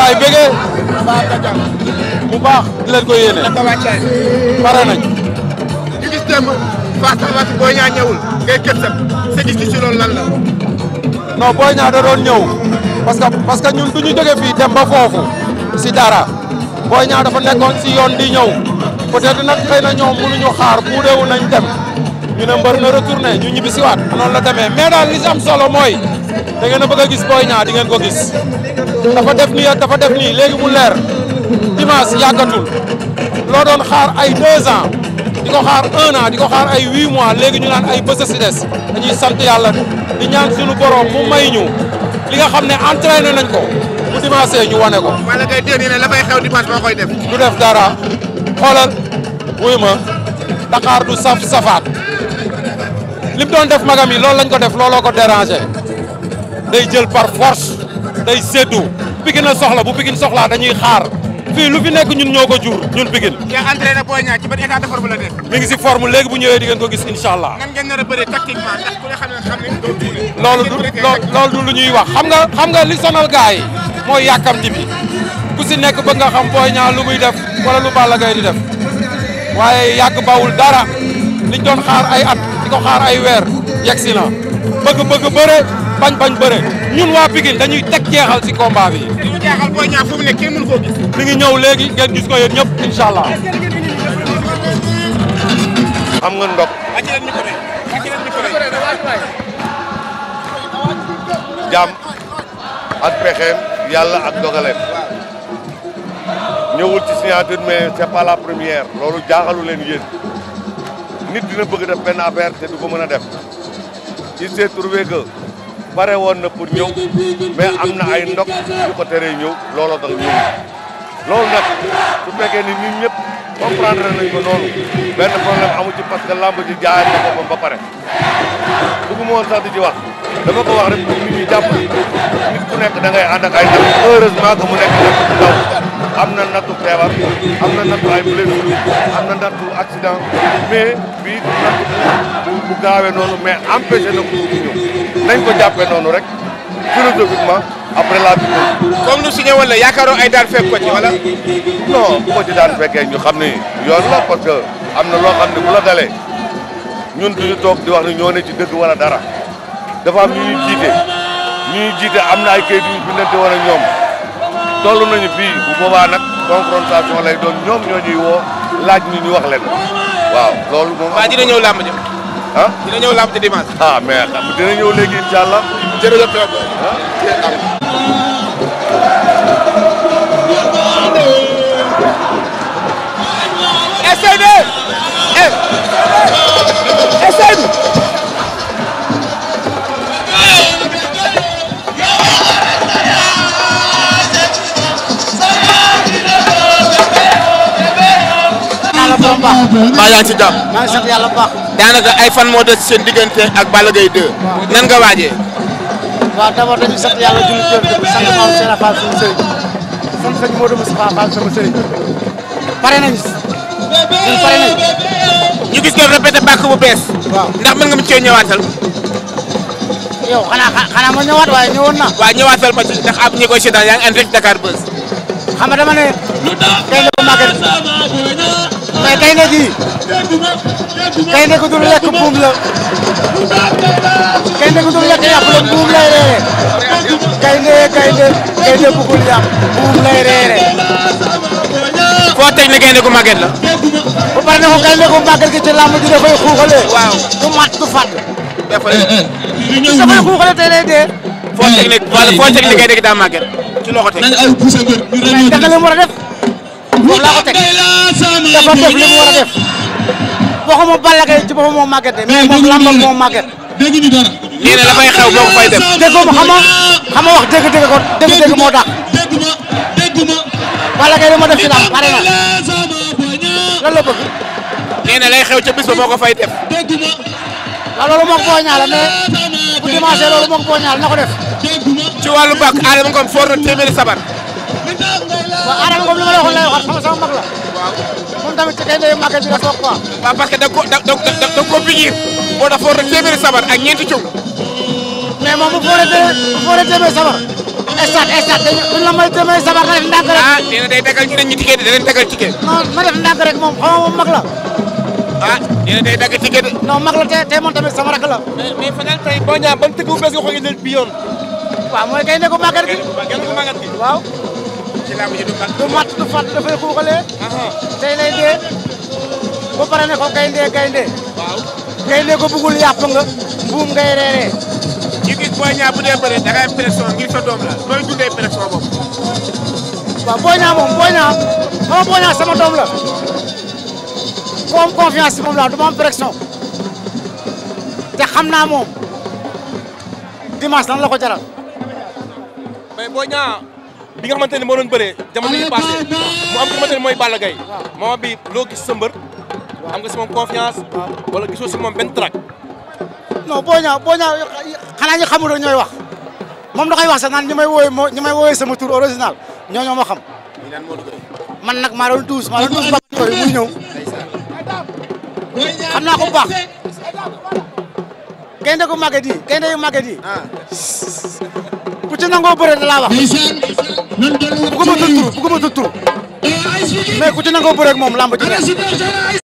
gaay bëgge bu baax di leen ko yéene pare nañ ñu gis démb Fass Tafatin Boy Niang ñëwul ngay gëstam sa gis ci loolu lan la non Boy Niang da doon ñëw parce que parce que ñun du ñu jóge fii dem ba foofu si dara Boy Niang dafa nekkoon si yoon di ñëw peut-être nag xëy na ñoom mënuñu xaar bu deewu nañ dem ñu ne mbër na retourné ñu ñibbi si waat noonu la deme mais daal li si am solo mooy da ngeen a bëgg a gis Boy Niang di ngeen ko gis dafa def nii dafa def nii léegi mu leer dimanche yàggatul loo doon xaar ay deux ans di ko xaar un an di ko xaar ay huit mois léegi ñu naan ay bës si sant yàlla di ñaan suñu borom mu may ñu li nga xam ne entraîné nañ ko bu dimanche ñu wane ko. wala kay déet ne la fay xew dimanche moo koy def. du def dara xoolal wuy ma Dakar du saf safaat. li mu doon def magam yi loolu lañ ko def looloo ko déranger day jël par force day séddu Pikine na soxla bu Pikine soxlaa dañuy xaar fii lu fi nekk ñun ñoo ko jur ñun Pikine. yaa ngi si forme léegi bu ñëwee di ngeen ko gis incha allah. a bëree tactiquement ndax ku ne xam ne xam ne loolu du lu ñuy wax xam nga xam nga li sonal gars yi mooy yàkkamti bi ku si nekk bëgg nga xam Boy Niang lu muy def wala lu Balla Gaye di def waaye yàgg bawul dara liñ doon xaar ay at. ko xaar ay weer yegg si na bëgg bëgg bëre bañ bañ bëre ñun waa Pikine dañuy teg jeexal si combat bi. li ñu jeexal booy ñaar fu mu nekk kenn mënu koo gis. ñëw léegi ngeen gis ko yéen ñëpp incha allah. am nga ndox. jàmm ak pexeem yàlla ak dogaleem. ñëwul ci signature mais c'est la première loolu jaaxalu leen yéen. nit dina bëgg def benn affaire mën a def il s'est trouvé woon na pour ñëw mais am na ay ndok yu ko teree ñëw looloo tax ñëw loolu nag su ni ñun ñëpp comprendre nañ ko noonu benn problème amu ci parce que lamb ji jaay na boppam ba pare bëgguma woon di ci wax dama ko rek pour nit ñi nit ku nekk da ngay ànd ak ay ndam heureusement que mu nekk ndaw am na nattu feebar am na nattu ay blessure am na nattu accident mais bii nattu bu noonu mais empêché na ko ñëw nañ ko jàppee noonu rek philosophiquement après la victoire. comme lu signé wala yaakaaroo ay daan fekk ko ci wala. non bu ko ci daan fekkee ñu xam ni yoon la am na loo xam ne bu la dalee ñun duñu toog di wax ne ñoo ne ci dëgg wala dara dafa am ñu ñuy jiite ñu ñuy jiite am na ay kayit yu ñu bindante woon ak ñoom. toll nañu fii bu boobaa nag confrontation lay doon ñoom ñoo ñuy laaj ñu ñu wax leen waaw loolu moom. waaw dina ñëw làmb ja. ah dina ñëw làmb ja dimanche. ah mais xam dina ñëw léegi incha allah. jërëjëf Diop ah. SDE SDE baax mbaa yaa ngi ci jàmm. maa ngi yàlla bu baax. ay fan moo des seen diggante ak Balla Gaye 2. nan nga waajee. waaw d'abord dañuy sant yàlla jullit yëpp di sant maam Seydou ñu ñëwaat waaye ma ci seetaan yaa ngi ànd rek Dakar Buzz. xam nga dama ne. tey ko màggal. mais gaynde gi gaynde gu dul lekk buum la gaynde gu dul lekk yàpp la buum lay reere gaynde gaynde gaynde bugul yàpp buum lay reere foo teg ne gaynde gu màgget la bu pare ne ko gaynde gu màgget gi ci làmb ji dafay xuuxale waaw du mat du fàtt dafay dafay xuuxale tey lay dee foo teg ne foo teg ne gaynde daa màgget ci loxo teg a def foofu laa ko teg dafa def li màgget de mais moom lambam moo màgget. dégg ñu dara. la moo dàq. dégg ma dégg ma. ma def na xew ca bis ba moo ko fay def. ma. waaw loolu moo ko boo ñaala mais bu dimanche loolu moo ko na ko def. ci wàllu bàq Adama Ngom foor na téeméeri sabar. waaw Adama comme li ma la waxoon lay waxaat sama sama mag la. waaw moom tamit ci kay ndey màggal bi la soog quoi. waaw parce que da ko da da da nga koo pikiir boo dafa war a téeméeri sabar ak ñeenti cung. mais moom bu fooree téeméer bu fooree téeméer sabar. estat estat dañu duñ la may téeméeri sabar nga def ndànk rek. ah nee na day daggal ñu ne ñu ticket da leen daggal ticket. non ma def ndànk rek moom xaw ma moom mag la. ah nee na day dagg ticket de. non mag la te te moom tamit sama rakk la. mais mais fanaan tey boo ñaax ban tëgg bu bees nga ko indil bi yoon. waaw mooy kay ne ko màggat gi. waaw làmb ji du mat du mat du fat dafay xuuxalee tey uh-huh. lay dee ba pare ne ko gaynde gaynde waaw gaynde ko bugul yàpp nga buum ngay reeree ñu gis booy ñaa bu dee bëre da ngay pression ngir sa doom la nooy dundee pression boobu waaw booy ñaa moom booy ñaa xam booy ñaa sama doom la ku am confiance si moom la du ma am pression te xam naa moom dimanche lan la ko jaral mais booy ñaa bi nga xamante ne moo doon bëree jamono yi passé mu am ki xamante ne mooy Balla Gaye moment bi loo gis sa mbër am nga si moom confiance wala gisoo si moom benn trac non boo ñaaw boo ñaaw xanaa ñu xamul rek ñooy wax moom da koy wax sax naan ñi may wooyee moo ñi may wooyee sama tour original ñoo ñoo ma xam man nag maa doon duus maa doon duus ba yooyu muy ñëw xam naa ko bu baax gaynde gu màgget yi gaynde yu màgget yi ah. ku ci nangoo bëre da laa wax bu ko mënta tur bu ko mënta ku ci nangoo bëreeg moom lamb ci